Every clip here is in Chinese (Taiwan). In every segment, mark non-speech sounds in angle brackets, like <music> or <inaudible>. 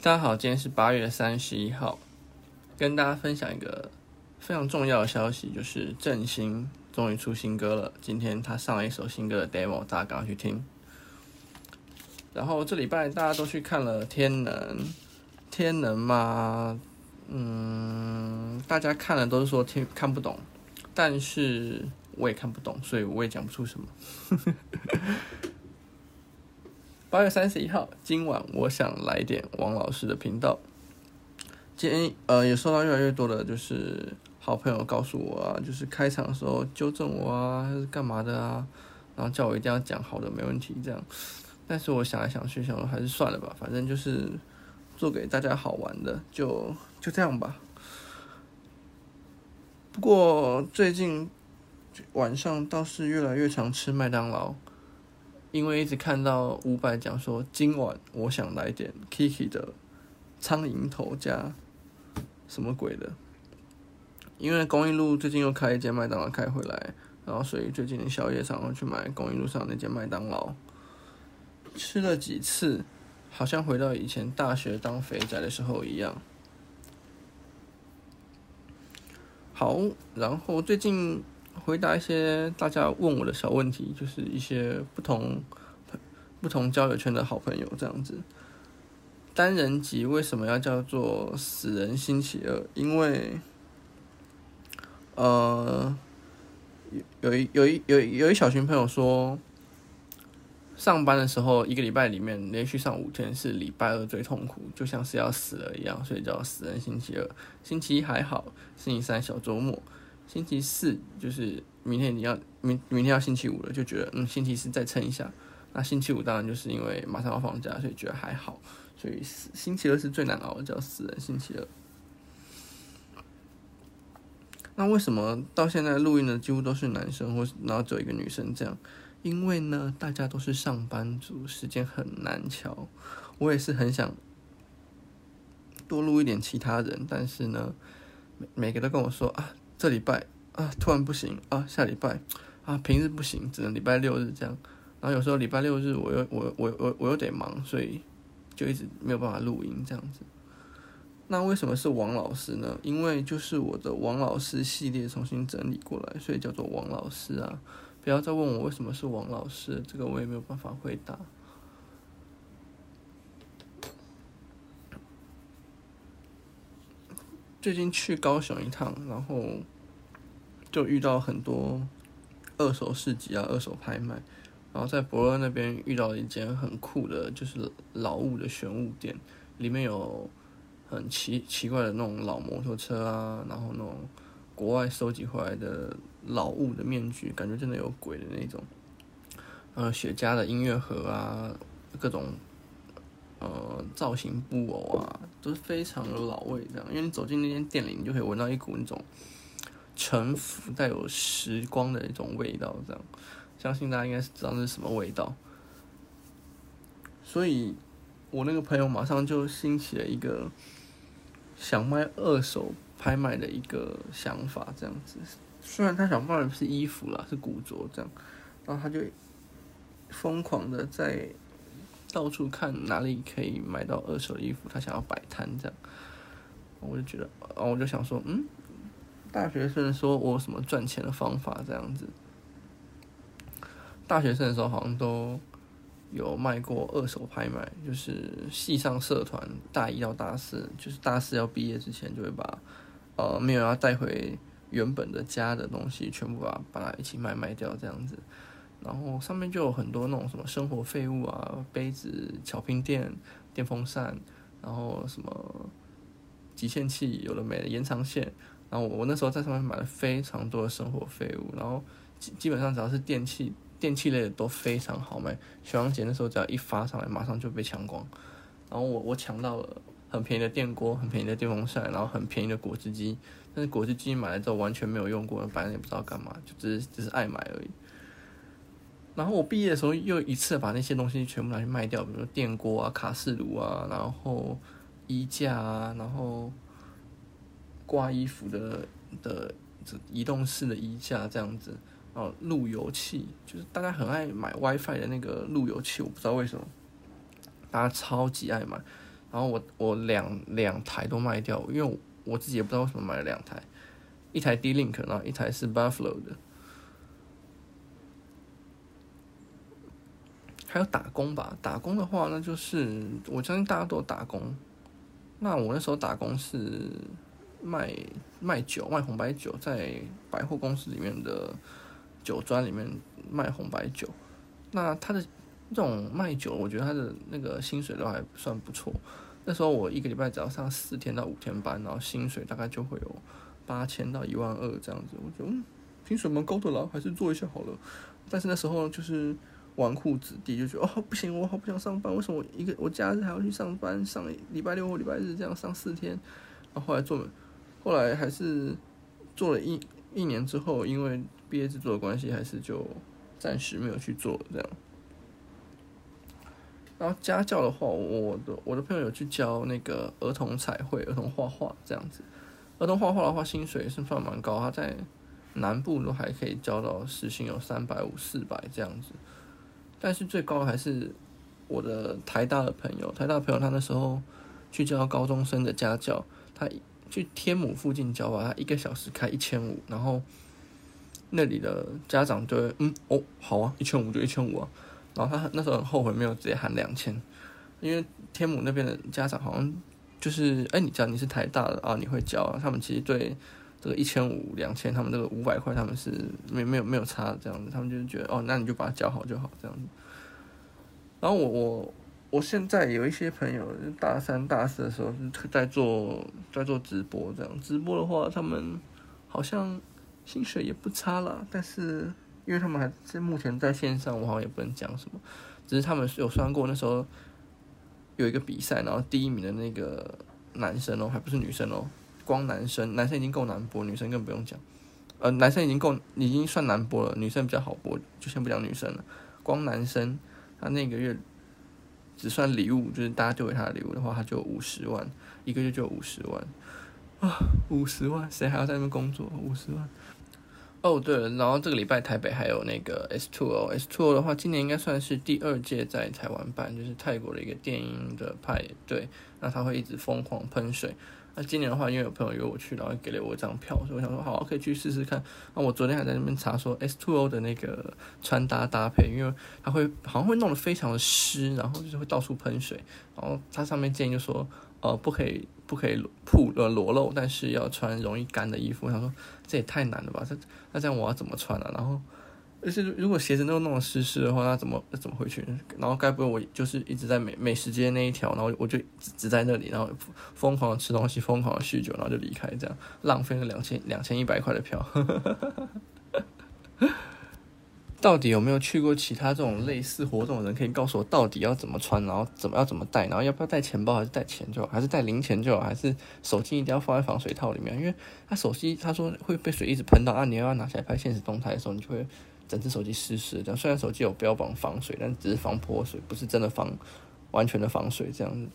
大家好，今天是八月三十一號，跟大家分享一個非常重要的消息，就是鄭興終於出新歌了。今天他上了一首新歌的 demo，大家趕快去聽。然後這禮拜大家都去看了天《天能》，《天能》嘛，嗯，大家看了都是說天看不懂，但是我也看不懂，所以我也講不出什麼。 <laughs> 八月三十一號，今晚我想來點王老師的頻道。今天呃，也收到越來越多的，就是好朋友告訴我啊，就是開場的時候糾正我啊，還是幹嘛的啊，然後叫我一定要講好的，沒問題這樣。但是我想來想去，想還是算了吧，反正就是做給大家好玩的，就就這樣吧。不過最近晚上倒是越來越常吃麥當勞。因為一直看到伍佰講說，今晚我想來點 Kiki 的蒼蠅頭加什麼鬼的。因為公益路最近又開一間麥當勞開回來，然後所以最近宵夜上常去買公益路上的那間麥當勞，吃了幾次，好像回到以前大學當肥宅的時候一樣。好，然後最近。回答一些大家問我的小問題，就是一些不同不同交友圈的好朋友這樣子。單人集為什麼要叫做死人星期二？因為呃有有一有一有有，有一小群朋友說，上班的時候一個禮拜裡面連續上五天是禮拜二最痛苦，就像是要死了一樣，所以叫死人星期二。星期一還好，星期三小周末，星期四就是明天，你要明明天要星期五了，就覺得嗯，星期四再撐一下。那星期五當然就是因為馬上要放假，所以覺得還好。所以星期二是最難熬的，叫死人星期二。那為什麼到現在錄音的幾乎都是男生，或是然後只有一個女生這樣？因為呢，大家都是上班族，時間很難調。我也是很想多錄一點其他人，但是呢，每每個都跟我說啊。這禮拜啊，突然不行啊，下禮拜啊，平日不行，只能禮拜六日這樣。然後有時候禮拜六日我又我我我我有點忙，所以就一直沒有辦法錄音這樣子。那為什麼是王老師呢？因為就是我的王老師系列重新整理過來，所以叫做王老師啊。不要再問我為什麼是王老師，這個我也沒有辦法回答。最近去高雄一趟，然後就遇到很多二手市集啊、二手拍賣，然後在駁二那邊遇到一間很酷的，就是老物的選物店，裡面有很奇奇怪的那種老摩托車啊，然後那種國外收集回來的老物的面具，感覺真的有鬼的那種，呃，雪茄的音樂盒啊，各種。呃，造型布偶啊，都是非常有老味，這樣，因為你走進那間店裡，你就可以聞到一股那種塵封帶有時光的一種味道這樣，相信大家應該是知道是什麼味道。所以，我那個朋友馬上就興起了一個想賣二手拍賣的一個想法這樣子，雖然他想賣的是衣服啦，是古着這樣，然後他就瘋狂的在。到處看哪裡可以買到二手的衣服，他想要擺攤這樣，我就覺得，我就想說，嗯，大學生說我有什麼賺錢的方法這樣子，大學生的時候好像都有賣過二手拍賣，就是系上社團，大一到大四，就是大四要畢業之前，就會把，呃，沒有要帶回原本的家的東西，全部把它把它一起賣賣掉這樣子。然後上面就有很多那種什麼生活廢物啊，杯子、巧拼墊、電風扇，然後什麼集線器有的沒的，延長線。然後我，我那時候在上面買了非常多的生活廢物，然後基基本上只要是電器電器類的都非常好賣。小宵節那時候只要一發上來，馬上就被搶光。然後我我搶到了很便宜的電鍋、很便宜的電風扇，然後很便宜的果汁機。但是果汁機買來之後完全沒有用過，反正也不知道幹嘛，就只是只是愛買而已。然後我畢業的時候又一次把那些東西全部拿去賣掉，比如說電鍋啊、卡式爐啊，然後衣架啊，然後掛衣服的的，的移動式的衣架這樣子，然後路由器，就是大家很愛買 WiFi 的那個路由器，我不知道為什麼，大家超級愛買。然後我我兩兩台都賣掉，因為我，我自己也不知道為什麼買了兩台，一台 D-Link，然後一台是 Buffalo 的。還有打工吧，打工的話，那就是我相信大家都有打工。那我那時候打工是賣賣酒，賣紅白酒，在百貨公司裡面的酒莊裡面賣紅白酒。那他的這種賣酒，我覺得他的那個薪水都還算不錯。那時候我一個禮拜只要上四天到五天班，然後薪水大概就會有八千到一萬二這樣子。我覺得，嗯，薪水蠻高的啦，還是做一下好了。但是那時候就是。紈絝子弟就覺得哦，不行，我好不想上班，為什麼我一個我假日還要去上班？上禮拜六或禮拜日這樣上四天，然後後來做，後來還是做了一一年之後，因為畢業制作的關係，還是就暫時沒有去做這樣。然後家教的話，我，我的我的朋友有去教那個兒童彩繪、兒童畫畫這樣子，兒童畫畫的話，薪水是算蠻高，他在南部都還可以教到時薪有三百五四百這樣子。但是最高的還是我的台大的朋友，台大的朋友他那時候去教高中生的家教，他去天母附近教吧，他一個小時開一千五，然後那裡的家長對，嗯哦好啊，一千五就一千五啊，然後他那時候很後悔沒有直接喊兩千，因為天母那邊的家長好像就是哎、欸，你知道你是台大的啊，你會教、啊，他們其實對。這個一千五兩千，他們這個五百塊，他們是沒有沒有沒有差這樣子，他們就是覺得哦，那你就把它教好就好這樣子。然後我我我現在有一些朋友就大三大四的時候就在做在做直播這樣，直播的話他們好像薪水也不差啦，但是因為他們還是目前在線上，我好像也不能講什麼，只是他們有算過那時候有一個比賽，然後第一名的那個男生哦，還不是女生哦。光男生，男生已經夠難播，女生更不用講。呃，男生已經夠，已經算難播了，女生比較好播，就先不講女生了。光男生，他那個月只算禮物，就是大家丟給他的禮物的話，他就五十萬，一個月就五十萬啊，五十萬，誰還要在那邊工作？五十萬。哦，對了，然後這個禮拜台北還有那個 S2O，S2O 的話，今年應該算是第二屆在台灣辦，就是泰國的一個電音的派對。那他會一直瘋狂噴水。那今年的話，因為有朋友約我去，然後給了我一張票，所以我想說好，可以去試試看。那我昨天還在那邊查說 S2O 的那個穿搭搭配，因為它會好像會弄得非常的濕，然後就是會到處噴水。然後它上面建議就說，呃，不可以不可以鋪呃裸、裸露，但是要穿容易乾的衣服。我想說這也太難了吧，這那這樣我要怎麼穿呢？啊？然後。如果鞋子都弄濕濕的話，那怎麼怎麼回去？然後該不會我就是一直在美美食街那一條，然後我就只、只在那裡，然後瘋狂的吃東西，瘋狂的酗酒，然後就離開，這樣浪費了兩千兩千一百塊的票。 <laughs> 到底有沒有去過其他這種類似活動的人，可以告訴我到底要怎麼穿，然後怎麼要怎麼帶，然後要不要帶錢包還是帶錢就好還是帶零錢就好還是手機一定要放在防水套裡面，因為他手機他說會被水一直噴到，啊，你要、要拿起來拍限時動態的時候，你就會。整隻手機濕濕這樣，雖然手機有標榜防水，但只是防潑水，不是真的防完全的防水這樣子。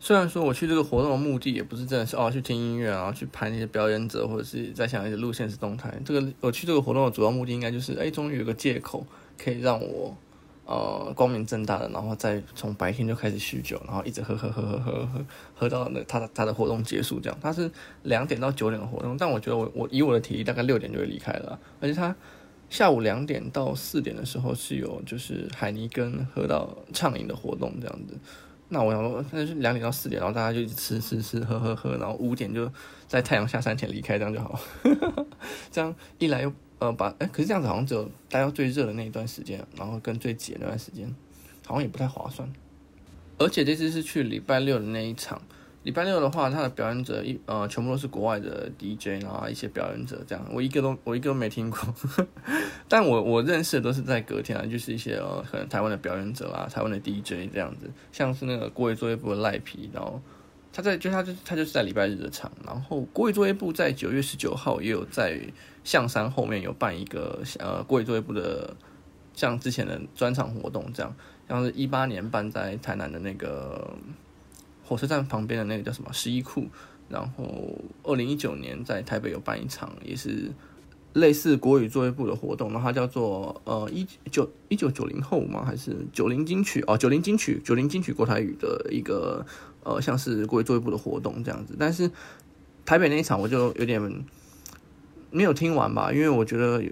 雖然說我去這個活動的目的也不是真的是哦去聽音樂，然後去拍那些表演者，或者是在想一些錄限時動態。這個我去這個活動的主要目的應該就是，哎、欸，終於有一個借口可以讓我呃光明正大的，然後再從白天就開始酗酒，然後一直喝喝喝喝喝喝喝到那他他的活動結束這樣。他是兩點到九點的活動，但我覺得我我以我的體力，大概六點就會離開了，而且他。下午兩點到四點的時候是有，就是海尼根喝到暢飲的活動這樣子。那我想說，那是兩點到四點，然後大家就一直吃吃吃，喝喝喝，然後五點就在太陽下山前離開，這樣就好。 <laughs> 這樣一來又呃把哎，可是這樣子好像只有待到最熱的那一段時間，然後跟最擠的那段時間，好像也不太划算。而且這次是去禮拜六的那一場。禮拜六的話，他的表演者一呃全部都是國外的 DJ，然後一些表演者這樣，我一個都我一個都沒聽過， <laughs> 但我我認識的都是在隔天，啊，就是一些哦、呃、可能台灣的表演者啦，台灣的 DJ 這樣子，像是那個國語作業部的賴皮，然後他在就他就他就是在禮拜日的場，然後國語作業部在九月十九號也有在象山後面有辦一個呃國語作業部的像之前的專場活動這樣，像是一八年辦在台南的那個，火車站旁邊的那個叫什麼十一庫，然後二零一九年在台北有辦一場，也是類似國語作業部的活動，然後它叫做呃一九一九九零後嗎？還是九零金曲哦？九零金曲，九零金曲國台語的一個呃，像是國語作業部的活動這樣子。但是台北那一場我就有點沒有聽完吧，因為我覺得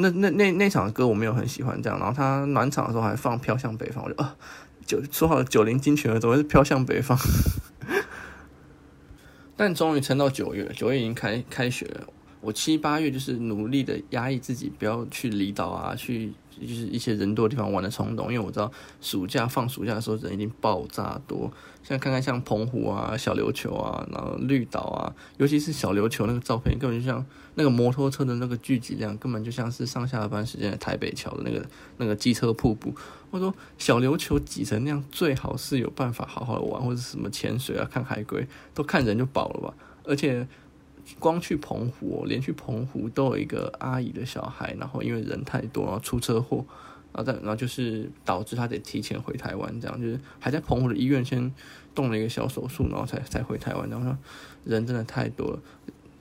那那那那場的歌我沒有很喜歡這樣。然後他暖場的時候還放《飄向北方》，我就啊。呃九說好九零金曲了，怎麼會飄向北方？ <laughs> 但終於撐到九月，九月已經開開學了。我七八月就是努力地壓抑自己，不要去離島啊，去。就是一些人多的地方玩的衝動，因為我知道暑假放暑假的時候人已經爆炸多。現在看看像澎湖啊、小琉球啊，然後綠島啊，尤其是小琉球那個照片，根本就像那個摩托車的那個聚集量，根本就像是上下班時間的台北橋的那個那個機車瀑布。我說小琉球擠成那樣，最好是有辦法好好玩，或者什麼潛水啊、看海龜，都看人就飽了吧，而且。光去澎湖，哦，連去澎湖都有一個阿姨的小孩，然後因為人太多，然後出車禍，然後然後就是導致他得提前回台灣，這樣就是還在澎湖的醫院先動了一個小手術，然後才才回台灣這樣。然後人真的太多了，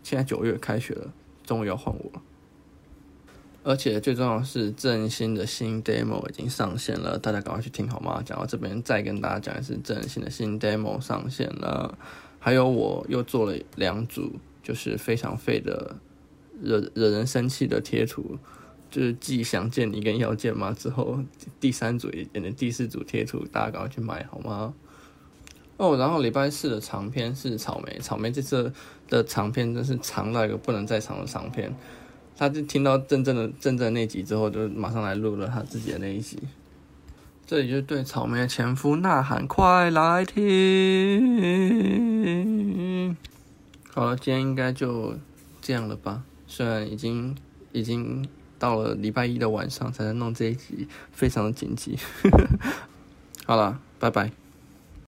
現在九月開學了，終於要換我了。而且最重要的是，鄭興的新 demo 已經上線了，大家趕快去聽好嗎？講、哦、到這邊，再跟大家講一次，鄭興的新 demo 上線了。還有我又做了兩組。就是非常廢的，惹惹人生氣的貼圖，就是既想見你跟要見嘛。之後第三組也、第四組貼圖，大家趕快去買好嗎？哦、oh，然後禮拜四的長篇是草莓，草莓這次的、的長篇真是長到一個不能再長的長篇。他就聽到真正的真正那集之後，就馬上來錄了他自己的那一集。這裡就是對草莓的前夫吶喊，快來聽！好了，今天應該就這樣了吧。雖然已經已經到了禮拜一的晚上才能弄這一集，非常的緊急。 <laughs> 好了，拜拜。